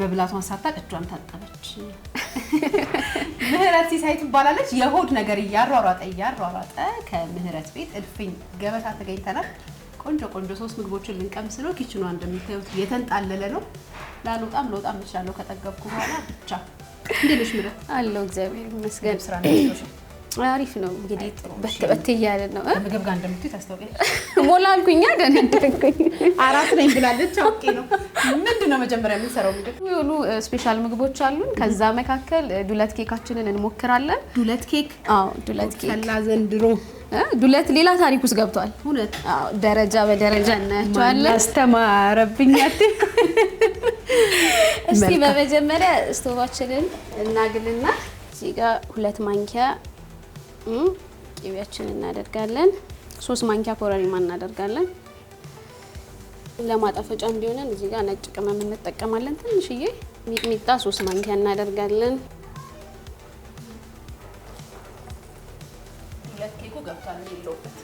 መብላቷን ሳታቅ እጇን ታጠበች። ምህረት ሲሳይ ትባላለች። የሆድ ነገር እያሯሯጠ እያሯሯጠ ከምህረት ቤት እልፍኝ ገበታ ተገኝተናል። ቆንጆ ቆንጆ ሶስት ምግቦችን ልንቀምስ ነው። ኪችኗ እንደሚታዩት የተንጣለለ ነው። ላልወጣም ለወጣም እችላለሁ ከጠገብኩ በኋላ ብቻ። እንዴት ነሽ ምረት? አለሁ እግዚአብሔር ይመስገን። ስራ ነው አሪፍ ነው። እንግዲህ በትበት እያለ ነው። ምግብ ጋር እንደምትይ ታስታውቂያለሽ። ሞላ አልኩኛ ደነደንኩኝ። አራት ነኝ ብላለች። አውቄ ነው። ምንድን ነው መጀመሪያ የምንሰራው? ምግብ የሆኑ ስፔሻል ምግቦች አሉን። ከዛ መካከል ዱለት ኬካችንን እንሞክራለን። ዱለት ኬክ? አዎ ዱለት ኬክ ከላ ዘንድሮ ዱለት ሌላ ታሪክ ውስጥ ገብቷል። ደረጃ በደረጃ እናያቸዋለን። አስተማረብኛት። እስቲ በመጀመሪያ ስቶቫችንን እናግልና እዚጋ ሁለት ማንኪያ ቅቤያችን እናደርጋለን። ሶስት ማንኪያ ኮረሪማ እናደርጋለን። ለማጣፈጫ እንዲሆነን እዚጋ ጋ ነጭ ቅመም እንጠቀማለን። ትንሽዬ ሚጥሚጣ ሶስት ማንኪያ እናደርጋለን። ሁለት ኬኩ ገብቷል። የለውበት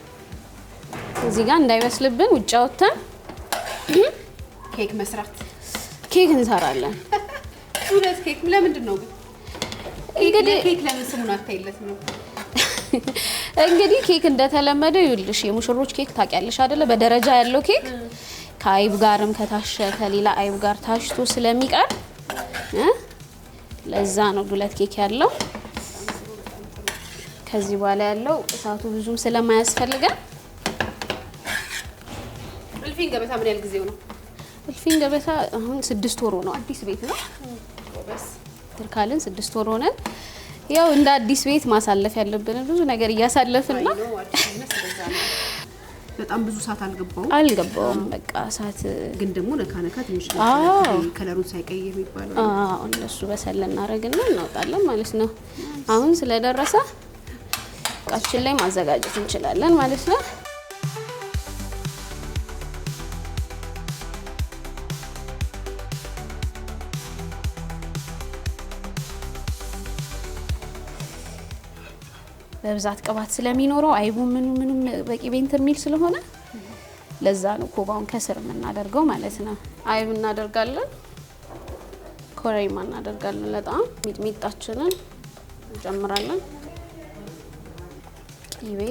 እዚህ ጋር እንዳይመስልብን ውጭ አውጥተን ኬክ መስራት ኬክ እንሰራለን። ሁለት ኬክ ለምንድን ነው ግን? እንግዲህ ኬክ ለምን ስሙን አታይለት ነው? እንግዲህ ኬክ እንደተለመደው ይኸውልሽ የሙሽሮች ኬክ ታውቂያለሽ አይደለ? በደረጃ ያለው ኬክ ከአይብ ጋርም ከታሸ ከሌላ አይብ ጋር ታሽቶ ስለሚቀር ለዛ ነው ዱለት ኬክ ያለው። ከዚህ በኋላ ያለው እሳቱ ብዙም ስለማያስፈልገን እልፊን ገበታ ምን ያህል ጊዜው ነው? እልፊን ገበታ አሁን ስድስት ወሮ ነው። አዲስ ቤት ነው ትርካልን ስድስት ወር ሆነን ያው እንደ አዲስ ቤት ማሳለፍ ያለብን ብዙ ነገር እያሳለፍን ነው። በጣም ብዙ ሰዓት አልገባውም አልገባውም። በቃ ሰዓት ግን ደግሞ ነካ ነካ ትንሽ ከለሩን ሳይቀይር የሚባለው እነሱ በሰል እናደርግና እናውጣለን ማለት ነው። አሁን ስለደረሰ እቃችን ላይ ማዘጋጀት እንችላለን ማለት ነው። በብዛት ቅባት ስለሚኖረው አይቡ ምኑ ምኑም በቂ ቤንት የሚል ስለሆነ ለዛ ነው ኮባውን ከስር የምናደርገው ማለት ነው። አይብ እናደርጋለን፣ ኮረይማ እናደርጋለን። ለጣም ሚጥሚጣችንን እንጨምራለን። ቂቤ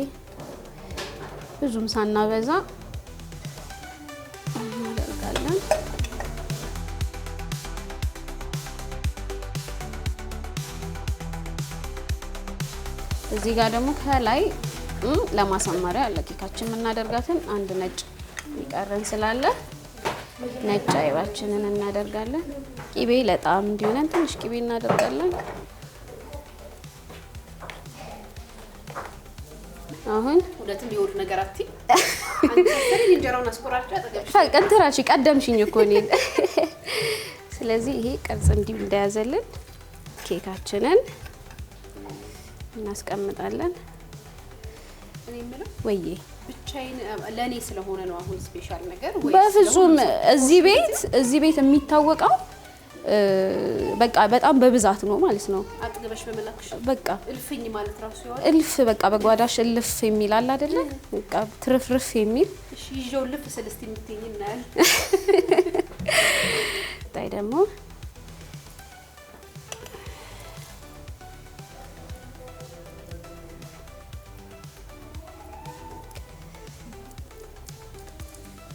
ብዙም ሳናበዛ እናደርጋለን። እዚህ ጋር ደግሞ ከላይ ለማሳመሪያ ለኬካችን የምናደርጋትን አንድ ነጭ ይቀረን ስላለ ነጭ አይባችንን እናደርጋለን። ቂቤ ለጣዕም እንዲሆነን ትንሽ ቂቤ እናደርጋለን። አሁን ነገር አትይ። እንጀራውን ቀንተራሽ ቀደምሽኝ እኮ ስለዚህ ይሄ ቅርጽ እንዲሁ እንደያዘልን ኬካችንን እናስቀምጣለን። እኔ ለእኔ ስለሆነ ነው። አሁን ስፔሻል ነገር በፍጹም እዚህ ቤት እዚህ ቤት የሚታወቀው በቃ በጣም በብዛት ነው ማለት ነው። አጥግበሽ በቃ እልፍኝ ማለት ራሱ ይሆን እልፍ በቃ በጓዳሽ እልፍ የሚል አለ አይደለ? በቃ ትርፍርፍ የሚል ይዤው እልፍ ስል የምትይኝ እናያለን። ደግሞ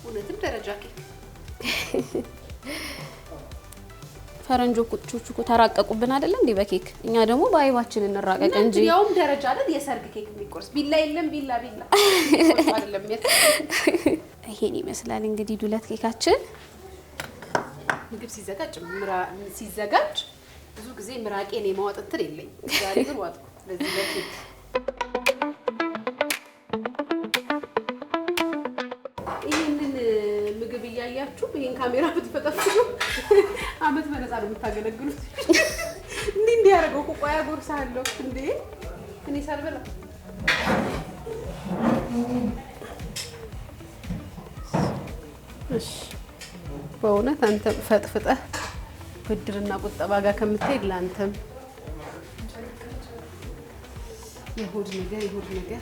እውነትም ደረጃ ኬክ ፈረንጆቹ እኮ ተራቀቁብን አይደለ እንዴ? በኬክ እኛ ደግሞ በአይባችን እንራቀቅ እንጂ ያውም ደረጃ አይደል? የሰርግ ኬክ የሚቆርስ ቢላ የለም ቢላ ቢላ አይደለም። ይሄን ይመስላል እንግዲህ ዱለት ኬካችን። ምግብ ሲዘጋጅ ምራ ሲዘጋጅ ብዙ ጊዜ ምራቄን የማወጥ እንትን የለኝ፣ ዛሬ ግን ዋጥኩ ለዚህ ለኬክ ይሄን ካሜራ ብትፈጠፍሉ አመት በነፃ ነው የምታገለግሉት። እንዲህ እንዲህ ያደረገው ቆቆያ ጎርሳ አለው እንዴ እኔ ሳልበላ በእውነት አንተም ፈጥፍጠህ ብድርና ቁጠባ ጋር ከምትሄድ ለአንተም የሆድ ነገር የሆድ ነገር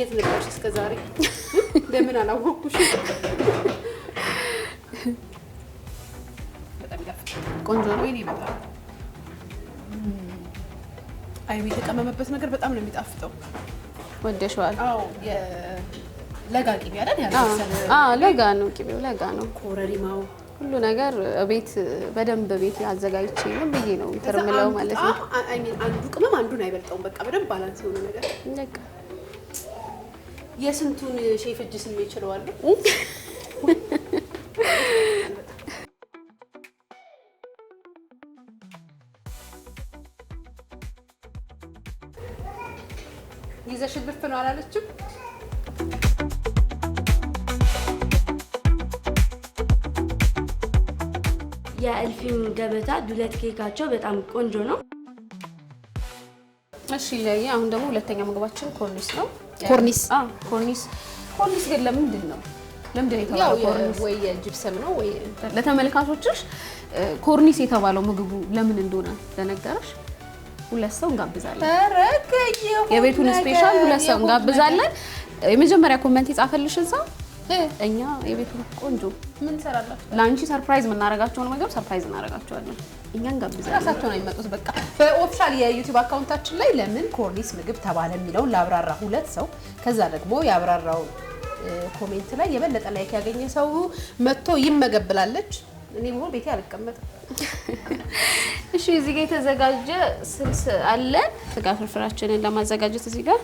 የት ነበርሽ እስከ ዛሬ? ለምን አላወኩሽ? ቆንጆ ነው። ይኔ በጣም አይ የተቀመመበት ነገር በጣም ነው የሚጣፍጠው። ወደሽዋል? አዎ ለጋ ቅቤ አይደል? ለጋ ነው ቅቤው፣ ለጋ ነው ኮረሪማው፣ ሁሉ ነገር ቤት በደንብ ቤት አዘጋጅቼ ነው ብዬ ነው ትርምለው ማለት ነው። አንዱ ቅመም አንዱን አይበልጠውም። በቃ በደንብ ባላንስ የሆነ ነገር በቃ የስንቱን ሼፍ እጅ ስሜ ይችለዋል። ይዘሽ ብርፍ ነው አላለችም። የእልፍኝ ገበታ ዱለት ኬካቸው በጣም ቆንጆ ነው። እሺ፣ አሁን ደግሞ ሁለተኛ ምግባችን ኮርኒስ ነው። ኮርኒስ ኮርኒስ ኮርኒስ ግን ለምንድን ነው ለምንድን የተባለው ኮርኒስ ወይ የጅብሰም ነው ወይ ለተመልካቾችሽ ኮርኒስ የተባለው ምግቡ ለምን እንደሆነ ለነገረሽ ሁለት ሰው እንጋብዛለን። የቤቱን ስፔሻል ሁለት ሰው እንጋብዛለን። የመጀመሪያ ኮመንት የጻፈልሽ እዛ እኛ የቤቱ ቆንጆ ምን ሰራላችሁ? ለአንቺ ሰርፕራይዝ የምናደርጋቸውን ምግብ ሰርፕራይዝ እናደርጋቸዋለን። እኛን ጋብዘን ራሳቸው ነው የሚመጡት። በቃ በኦፊሻል የዩቲዩብ አካውንታችን ላይ ለምን ኮርኒስ ምግብ ተባለ የሚለውን ላብራራ ሁለት ሰው ከዛ ደግሞ ያብራራው ኮሜንት ላይ የበለጠ ላይክ ያገኘ ሰው መጥቶ ይመገብ እኔ መሆን ቤቴ አልቀመጥም። እሺ እዚህ ጋር የተዘጋጀ ስልስ አለ ስጋ ፍርፍራችንን ለማዘጋጀት እዚህ ጋር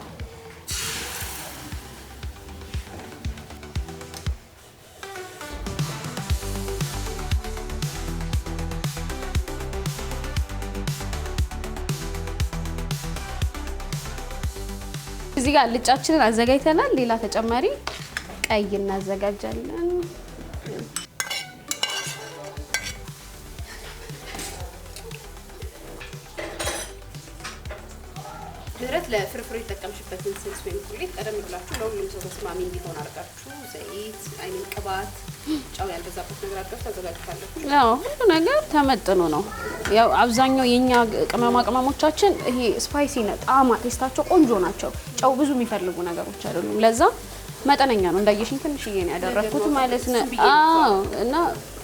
እዚህ ጋር ልጫችንን አዘጋጅተናል። ሌላ ተጨማሪ ቀይ እናዘጋጃለን። መሰረት ለፍርፍሩ የተጠቀምሽበትን ስልስ ወይም ቁሌት ቀደም ብላችሁ ለሁሉም ሰው ተስማሚ እንዲሆን አድርጋችሁ ዘይት፣ አይምን ቅባት፣ ጨው ያልበዛበት ነገር አድርጋችሁ ታዘጋጅታለሁ። ሁሉ ነገር ተመጥኖ ነው። ያው አብዛኛው የእኛ ቅመማ ቅመሞቻችን ይሄ ስፓይሲ ነ ጣማ ቴስታቸው ቆንጆ ናቸው። ጨው ብዙ የሚፈልጉ ነገሮች አይደሉም። ለዛ መጠነኛ ነው እንዳየሽኝ ትንሽዬ ነው ያደረግኩት ማለት ነው። እና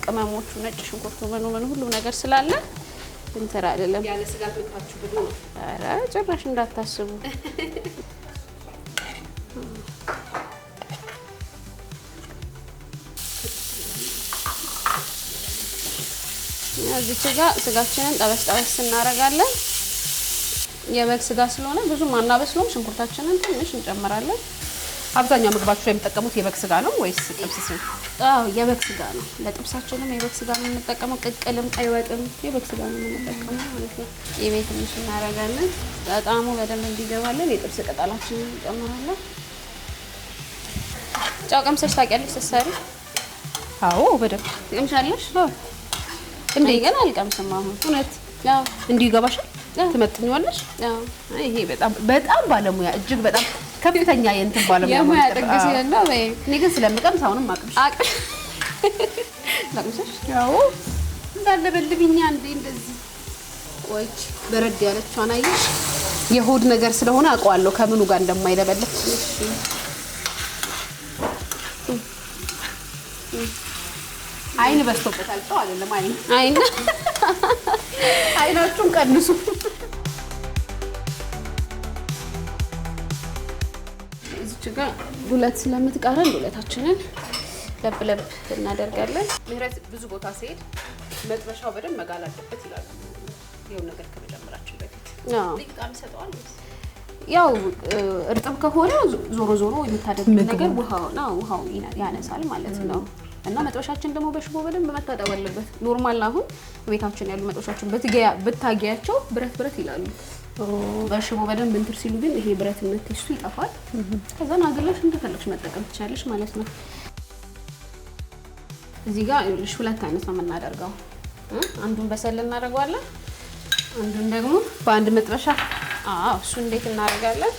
ቅመሞቹ ነጭ ሽንኩርቱ ምኑ ምኑ ሁሉ ነገር ስላለ እንትን ነው። ኧረ ጭራሽ እንዳታስቡ። እዚህ ስጋ ስጋችንን ጠበስ ጠበስ እናደርጋለን። የበግ ስጋ ስለሆነ ብዙ አናበስሎም። ሽንኩርታችንን ትንሽ እንጨምራለን። አብዛኛው ምግባችሁ የሚጠቀሙት የበግ ስጋ ነው ወይስ ጥብስ? አዎ የበግ ስጋ ነው። ለጥብሳችንም የበግ ስጋ ነው የምንጠቀመው። ቅቅልም ቀይ ወጥም የበግ ስጋ ነው የምንጠቀመው ማለት ነው። የቤ ትንሽ እናደርጋለን። ጣዕሙ በደንብ እንዲገባለን የጥብስ ቅጠላችንን እንጨምራለን። ጫው ቀምሰሽ ታውቂያለሽ ስትሰሪ? አዎ በደንብ ትቀምሻለሽ። እንዴ ገና አልቀምስም። አሁን እውነት እንዲሁ ይገባሻል፣ ትመጥኛለሽ። ይሄ በጣም በጣም ባለሙያ እጅግ በጣም ከፍተኛ የእንትን ባለሙያ እኔ ግን ስለምቀምስ አሁንም እንዳለበልብኛ እንዴ እንደዚህ ቆይች በረድ ያለችዋን አየሽ፣ የሆድ ነገር ስለሆነ አውቀዋለሁ ከምኑ ጋር እንደማይለበልብ። አይን በዝቶበታል። ጨው አይደለም አይን አይናችሁን ቀንሱ። ጋር ጉለት ስለምትቀረን ጉለታችንን ለብ ለብ እናደርጋለን። ምህረት ብዙ ቦታ ሲሄድ መጥበሻው በደንብ መጋል አለበት ይላሉ። ይኸው ነገር ከመጀመራችን በፊት ጣም ያው እርጥብ ከሆነ ዞሮ ዞሮ የምታደርገው ነገር ውሃው ያነሳል ማለት ነው። እና መጥበሻችን ደግሞ በሽቦ በደንብ መታጠብ አለበት። ኖርማል አሁን ቤታችን ያሉ መጥበሻችን ብታጊያቸው ብረት ብረት ይላሉ። በሽቦ በደንብ እንትር ሲሉ ግን ይሄ ብረትነት ቴስቱ ይጠፋል። ከዛን አገላሽ እንደፈለግሽ መጠቀም ትችላለሽ ማለት ነው። እዚህ ጋር ሁለት አይነት ነው የምናደርገው። አንዱን በሰል እናደርገዋለን፣ አንዱን ደግሞ በአንድ መጥበሻ። እሱ እንዴት እናደርጋለን?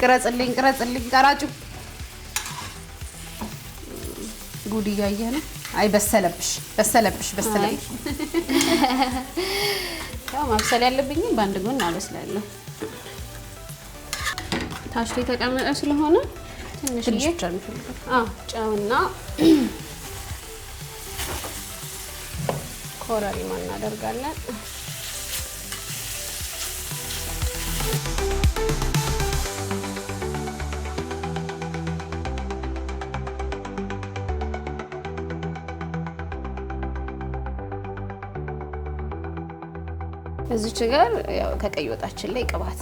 ቅረጽልኝ፣ ቅረጽልኝ፣ ቀራጩ ጉድ እያየህ ነው። አይ በሰለብሽ፣ በሰለብሽ፣ በሰለብሽ ያው ማብሰል ያለብኝም በአንድ ጎን አበስላለሁ። ታሽቶ የተቀመጠ ስለሆነ ትንሽዬ ጨውና ኮረሪማ እናደርጋለን። እዚች ጋር ከቀይ ወጣችን ላይ ቅባት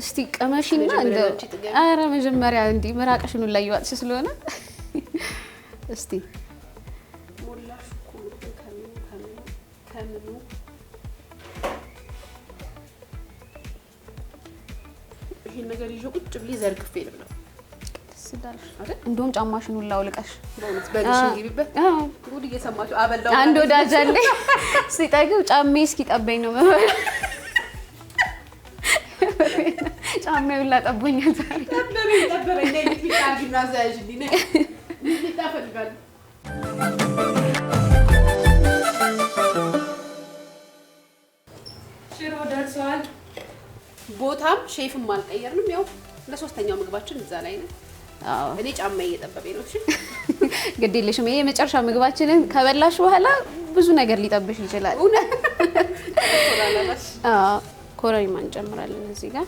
እስቲ ቀመሽና ኧረ መጀመሪያ እንዲህ ምራቅሽኑ ላይ ይዋጥሽ ስለሆነ እስቲ እንደውም ጫማሽን ሁላ አውልቀሽ አንድ ወዳጅ አለ ሲጠግብ ጫሜ እስኪጠበኝ ነው መበላ ጫሜ ሁላ ጠቦኛል። ሽሮ ደርሰዋል። ቦታም ሼፍም አልቀየርንም። ያው ለሶስተኛው ምግባችን እዛ ላይ ነው። እኔ ጫማ እየጠበበ ነው። ግድ የለሽም። ይሄ የመጨረሻ ምግባችንን ከበላሽ በኋላ ብዙ ነገር ሊጠብሽ ይችላል። ኮረሪማ እንጨምራለን እዚህ ጋር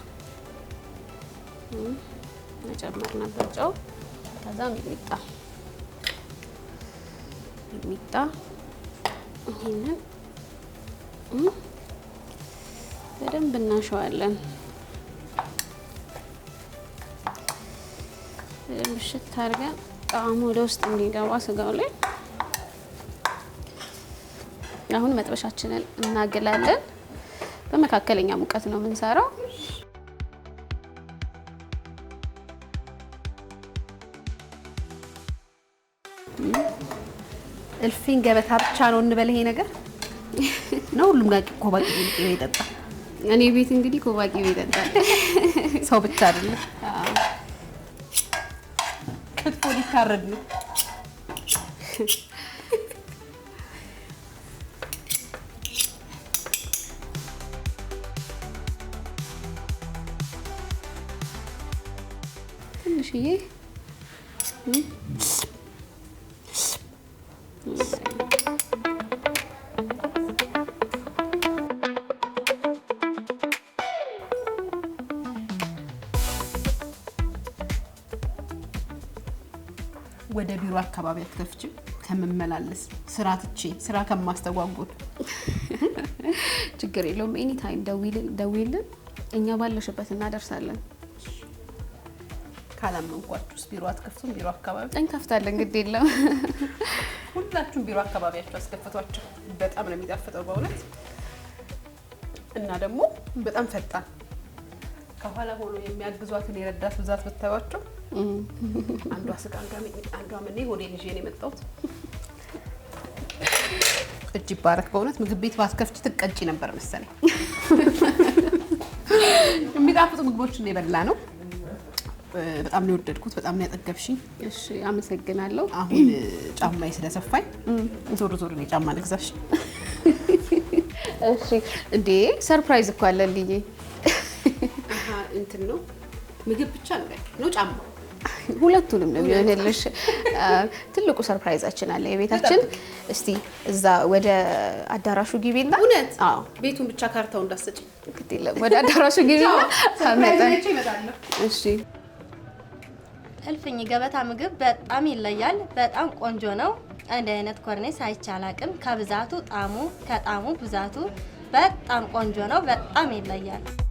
መጨመር ነበር ጨው፣ ከዛ ሚጣ ሚጣ ይህንን በደንብ እናሸዋለን። ምሽት አድርገን ጣዕሙ ወደ ውስጥ እንዲገባ ስጋው ላይ አሁን መጥበሻችንን እናግላለን። በመካከለኛ ሙቀት ነው የምንሰራው። እልፍኝ ገበታ ብቻ ነው እንበል። ይሄ ነገር ነው ሁሉም ጋር ኮባ ቅቤ እኔ ቤት እንግዲህ ኮባ ይጠጣል ሰው ብቻ አይደለም። ክትፎ ሊታረድ ነው። ትንሽዬ ወደ ቢሮ አካባቢ አትከፍችም? ከምመላለስ ስራ ትቼ ስራ ከማስተጓጉል ችግር የለውም። ኤኒታይም ደዊልን እኛ ባለሽበት እናደርሳለን። ካላመንኳችሁስ ቢሮ አትከፍቱም? ቢሮ አካባቢ እንከፍታለን፣ ግድ የለም። ሁላችሁም ቢሮ አካባቢያቸው አስከፍቷቸው፣ በጣም ነው የሚጣፍጠው በእውነት እና ደግሞ በጣም ፈጣን ከኋላ ሆኖ የሚያግዟትን የረዳት ብዛት ብታዩቸው አንዷ ስጋ፣ አንዷ ሚጥሚጣ፣ አንዷ ምን ነው የመጣሁት። እጅ ይባረክ። በእውነት ምግብ ቤት ባትከፍች ትቀጭ ነበር መሰለኝ። የሚጣፍጡ ምግቦችን የበላ ነው። በጣም ነው የወደድኩት። በጣም ነው ያጠገብሽኝ። እሺ አመሰግናለሁ። አሁን ጫማ ስለሰፋኝ ዞር ዞር ነው ጫማ ልግዛሽ። እሺ እንዴ ሰርፕራይዝ እኮ አለ ልዬ እንትን ነው ምግብ ብቻ ነው ጫማ ሁለቱንም ነው የሚሆንልሽ። ትልቁ ሰርፕራይዛችን አለ የቤታችን። እስቲ እዛ ወደ አዳራሹ ግቢና እውነት ቤቱን ብቻ ካርታው እንዳሰጭ ወደ አዳራሹ ግቢና እሺ። እልፍኝ ገበታ ምግብ በጣም ይለያል። በጣም ቆንጆ ነው። እንደ አይነት ኮርኔስ አይቻል አቅም ከብዛቱ ጣሙ ከጣሙ ብዛቱ በጣም ቆንጆ ነው። በጣም ይለያል።